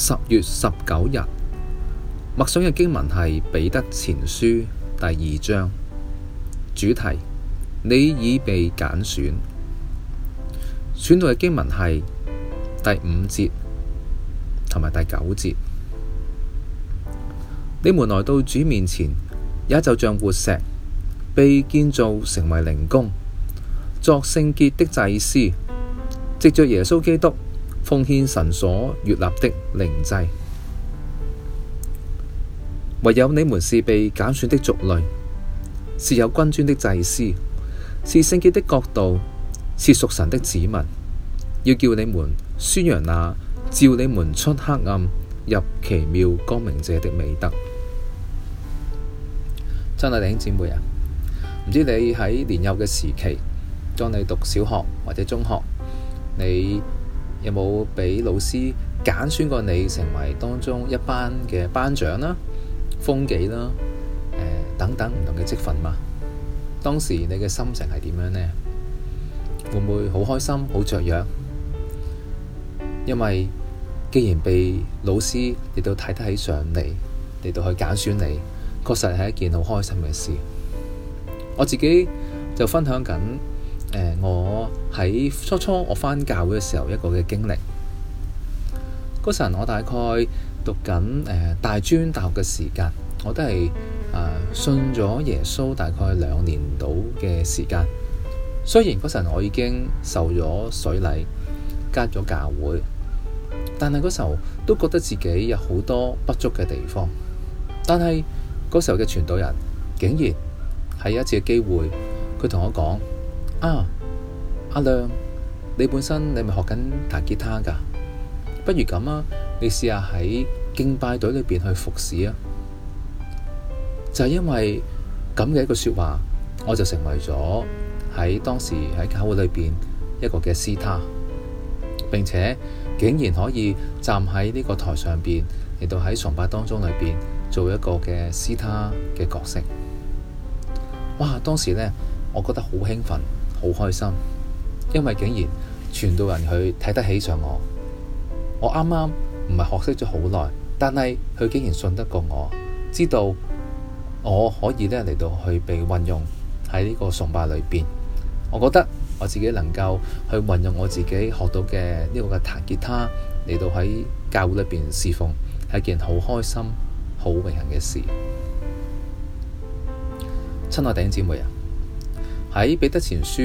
十月十九日默想嘅經文係彼得前書第二章，主題，你已被揀選。選到嘅經文係第五節同埋第九節。你們來到主面前，也就像活石被建造成為靈宮，作聖潔的祭司，藉着耶穌基督。奉獻神所悅納的靈祭，唯有你們是被揀選的族類，是有君尊的祭司，是聖潔的國度，是屬神的子民。要叫你們宣揚那、啊、照你們出黑暗入奇妙光明者的美德。親愛的弟兄姐妹啊，唔知你喺年幼嘅時期，當你讀小學或者中學，你有冇俾老師揀選過你成為當中一班嘅班長啦、風紀啦、等等唔同嘅積分嘛？當時你嘅心情係點樣呢？會唔會好開心、好雀躍？因為既然被老師嚟到睇得起上嚟，嚟到去揀選你，確實係一件好開心嘅事。我自己就分享緊。呃、我喺初初我返教會嘅時候，一個嘅經歷嗰陣時，我大概讀緊、呃、大專大學嘅時間，我都係、呃、信咗耶穌大概兩年到嘅時間。雖然嗰陣我已經受咗水禮，加咗教會，但係嗰時候都覺得自己有好多不足嘅地方。但係嗰時候嘅傳道人竟然喺一次嘅機會，佢同我講。啊，阿亮，你本身你咪學緊彈吉他噶，不如咁啊，你試下喺敬拜隊裏邊去服侍啊。就係、是、因為咁嘅一句說話，我就成為咗喺當時喺教會裏邊一個嘅師他，並且竟然可以站喺呢個台上邊，嚟到喺崇拜當中裏邊做一個嘅師他嘅角色。哇！當時呢，我覺得好興奮。好開心，因為竟然全到人去睇得起上我，我啱啱唔係學識咗好耐，但係佢竟然信得過我，知道我可以咧嚟到去被運用喺呢個崇拜裏邊，我覺得我自己能夠去運用我自己學到嘅呢個嘅彈吉他嚟到喺教會裏邊侍奉，係一件好開心、好榮幸嘅事。親愛弟兄姐妹啊！喺彼得前書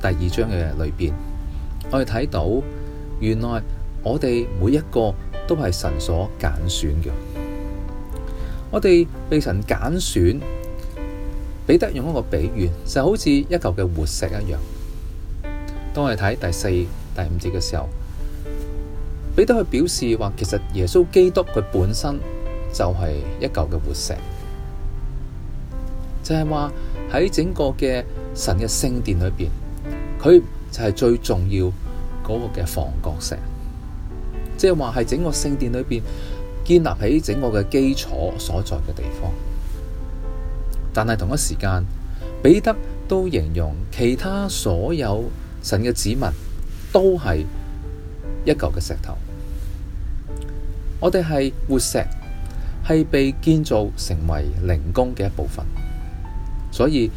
第二章嘅裏邊，我哋睇到原來我哋每一個都係神所揀選嘅。我哋被神揀選，彼得用一個比喻，就好似一嚿嘅活石一樣。當我哋睇第四、第五節嘅時候，彼得佢表示話，其實耶穌基督佢本身就係一嚿嘅活石，就係話喺整個嘅。神嘅聖殿裏邊，佢就係最重要嗰個嘅房角石，即係話係整個聖殿裏邊建立起整個嘅基礎所在嘅地方。但係同一時間，彼得都形容其他所有神嘅子民都係一嚿嘅石頭。我哋係活石，係被建造成為靈宮嘅一部分，所以。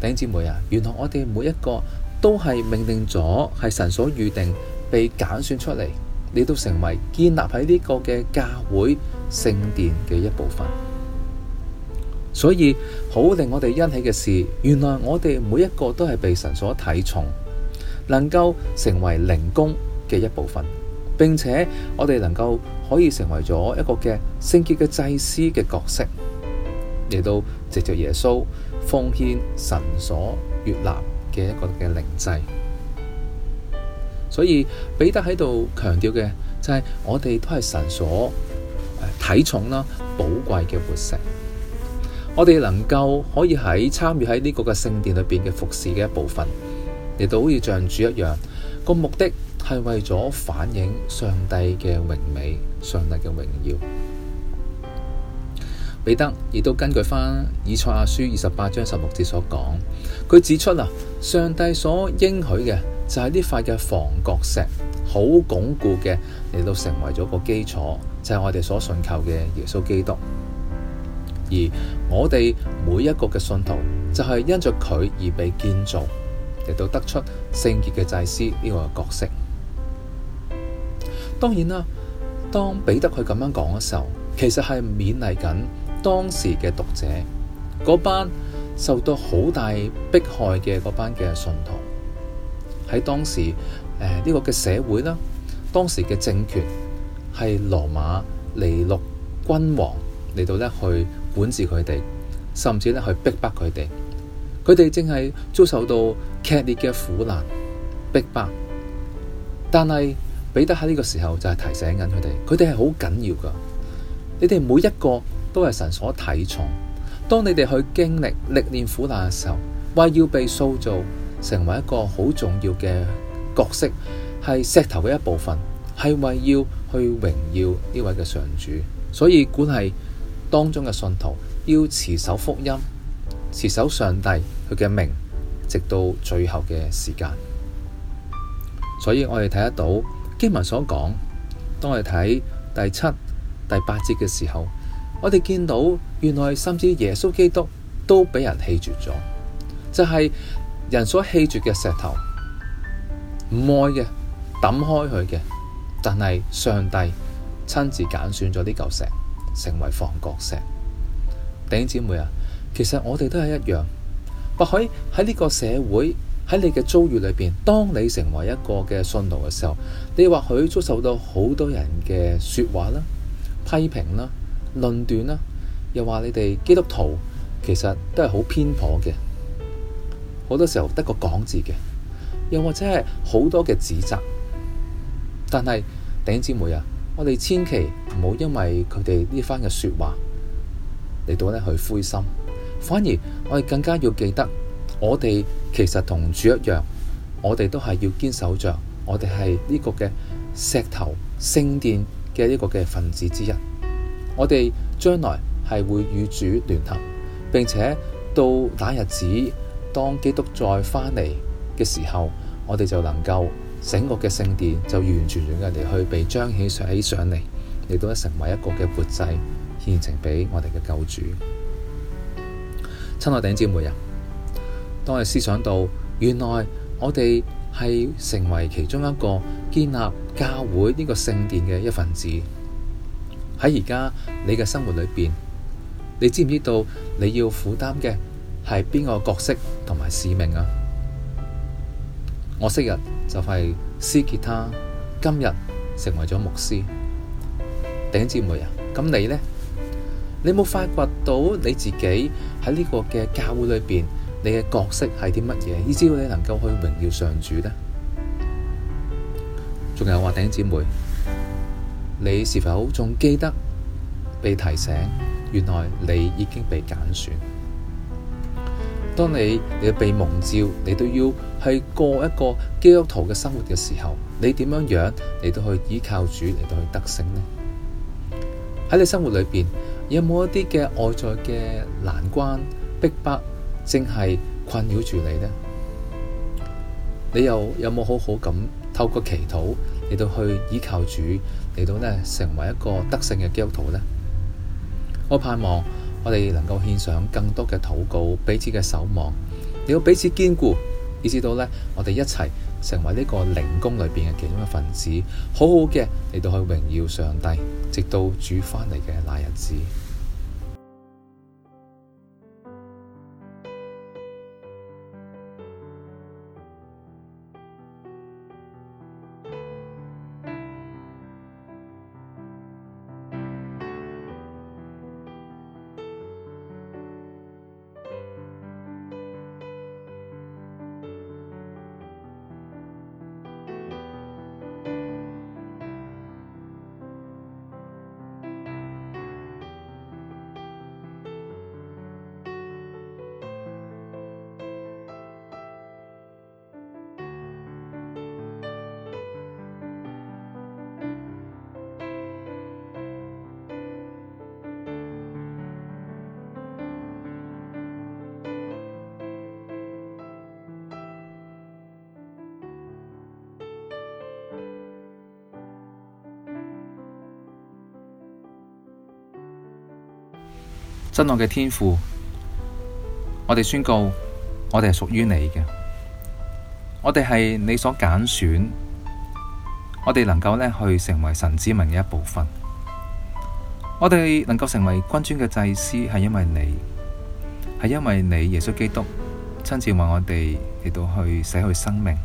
弟兄姊妹啊，原來我哋每一個都係命令咗，係神所預定，被揀選出嚟，你都成為建立喺呢個嘅教會聖殿嘅一部分。所以好令我哋欣喜嘅事，原來我哋每一個都係被神所睇重，能夠成為靈宮嘅一部分，並且我哋能夠可以成為咗一個嘅聖潔嘅祭司嘅角色。嚟到藉着耶穌奉獻神所悅納嘅一個嘅靈祭，所以彼得喺度強調嘅就係、是、我哋都係神所、呃、睇重啦，寶貴嘅活石，我哋能夠可以喺參與喺呢個嘅聖殿裏邊嘅服侍嘅一部分，亦都好似像主一樣，個目的係為咗反映上帝嘅榮美，上帝嘅榮耀。彼得亦都根據翻《以賽亞書》二十八章十六節所講，佢指出啊，上帝所應許嘅就係呢塊嘅房角石，好鞏固嘅，嚟到成為咗個基礎，就係、是、我哋所信靠嘅耶穌基督。而我哋每一個嘅信徒就係因着佢而被建造，嚟到得出聖潔嘅祭司呢個角色。當然啦，當彼得佢咁樣講嘅時候，其實係勉勵緊。當時嘅讀者，嗰班受到好大迫害嘅嗰班嘅信徒，喺當時誒呢、呃這個嘅社會啦，當時嘅政權係羅馬尼祿君王嚟到咧去管治佢哋，甚至咧去逼迫佢哋。佢哋正係遭受到劇烈嘅苦難逼迫，但係彼得喺呢個時候就係、是、提醒緊佢哋，佢哋係好緊要噶。你哋每一個，都係神所體重。當你哋去經歷歷練苦難嘅時候，為要被塑造成為一個好重要嘅角色，係石頭嘅一部分，係為要去榮耀呢位嘅上主。所以，鼓勵當中嘅信徒要持守福音，持守上帝佢嘅名，直到最後嘅時間。所以我哋睇得到經文所講，當我哋睇第七、第八節嘅時候。我哋見到原來甚至耶穌基督都俾人棄絕咗，就係人所棄絕嘅石頭，唔愛嘅抌開佢嘅，但係上帝親自揀選咗呢嚿石成為房角石。弟兄姊妹啊，其實我哋都係一樣，或許喺呢個社會喺你嘅遭遇裏邊，當你成為一個嘅信徒嘅時候，你或許遭受到好多人嘅說話啦、批評啦。論斷啦，又話你哋基督徒其實都係好偏頗嘅，好多時候得個講字嘅，又或者係好多嘅指責。但係弟兄姊妹啊，我哋千祈唔好因為佢哋呢番嘅說話嚟到呢去灰心，反而我哋更加要記得，我哋其實同主一樣，我哋都係要堅守着，我哋係呢個嘅石頭聖殿嘅呢個嘅分子之一。我哋將來係會與主聯合，並且到那日子，當基督再翻嚟嘅時候，我哋就能夠整個嘅聖殿就完完全全嘅嚟去被張起上起上嚟，亦都咧成為一個嘅活祭獻呈俾我哋嘅救主。親愛弟兄姊妹啊，當我哋思想到，原來我哋係成為其中一個建立教會呢個聖殿嘅一份子。喺而家你嘅生活裏邊，你知唔知道你要負擔嘅係邊個角色同埋使命啊？我昔日就係司吉他，今日成為咗牧師。頂姐妹啊，咁你呢？你冇發掘到你自己喺呢個嘅教會裏邊，你嘅角色係啲乜嘢？以至到你能夠去榮耀上主呢？仲有話頂姐妹，你是否仲記得被提醒？原來你已經被揀選。當你你被蒙召，你都要去過一個基督徒嘅生活嘅時候，你點樣樣？你都去依靠主嚟到去得勝呢？喺你生活裏邊，有冇一啲嘅外在嘅難關、逼迫，正係困擾住你呢？你又有冇好好咁透過祈禱？嚟到去依靠主，嚟到咧成為一個得勝嘅基督徒咧。我盼望我哋能夠獻上更多嘅禱告，彼此嘅守望，要彼此兼顧，以至到咧我哋一齊成為呢個靈宮裏邊嘅其中嘅分子，好好嘅嚟到去榮耀上帝，直到主返嚟嘅那日子。真愛嘅天父，我哋宣告，我哋係屬於你嘅，我哋係你所揀選，我哋能夠咧去成為神之民嘅一部分，我哋能夠成為君尊嘅祭司，係因為你，係因為你耶穌基督親自為我哋嚟到去洗去生命，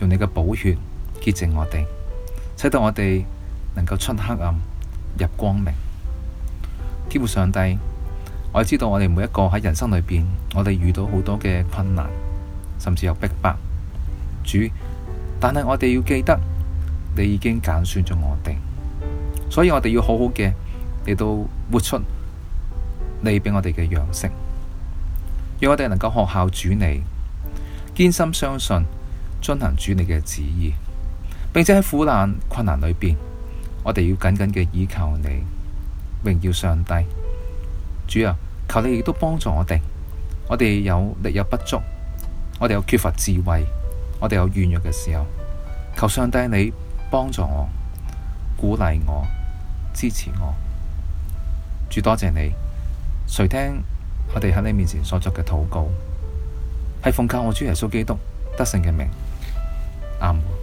用你嘅寶血潔淨我哋，使到我哋能夠出黑暗入光明。基乎上帝，我知道我哋每一個喺人生裏邊，我哋遇到好多嘅困難，甚至有逼迫白，主。但係我哋要記得，你已經揀選咗我哋，所以我哋要好好嘅你都活出你俾我哋嘅樣式，讓我哋能夠學效主你，堅心相信，遵行主你嘅旨意，並且喺苦難困難裏邊，我哋要緊緊嘅依靠你。榮耀上帝，主啊，求你亦都幫助我哋，我哋有力有不足，我哋有缺乏智慧，我哋有軟弱嘅時候，求上帝你幫助我，鼓勵我，支持我。主多謝你，垂聽我哋喺你面前所作嘅禱告，係奉靠我主耶穌基督得勝嘅名，阿門。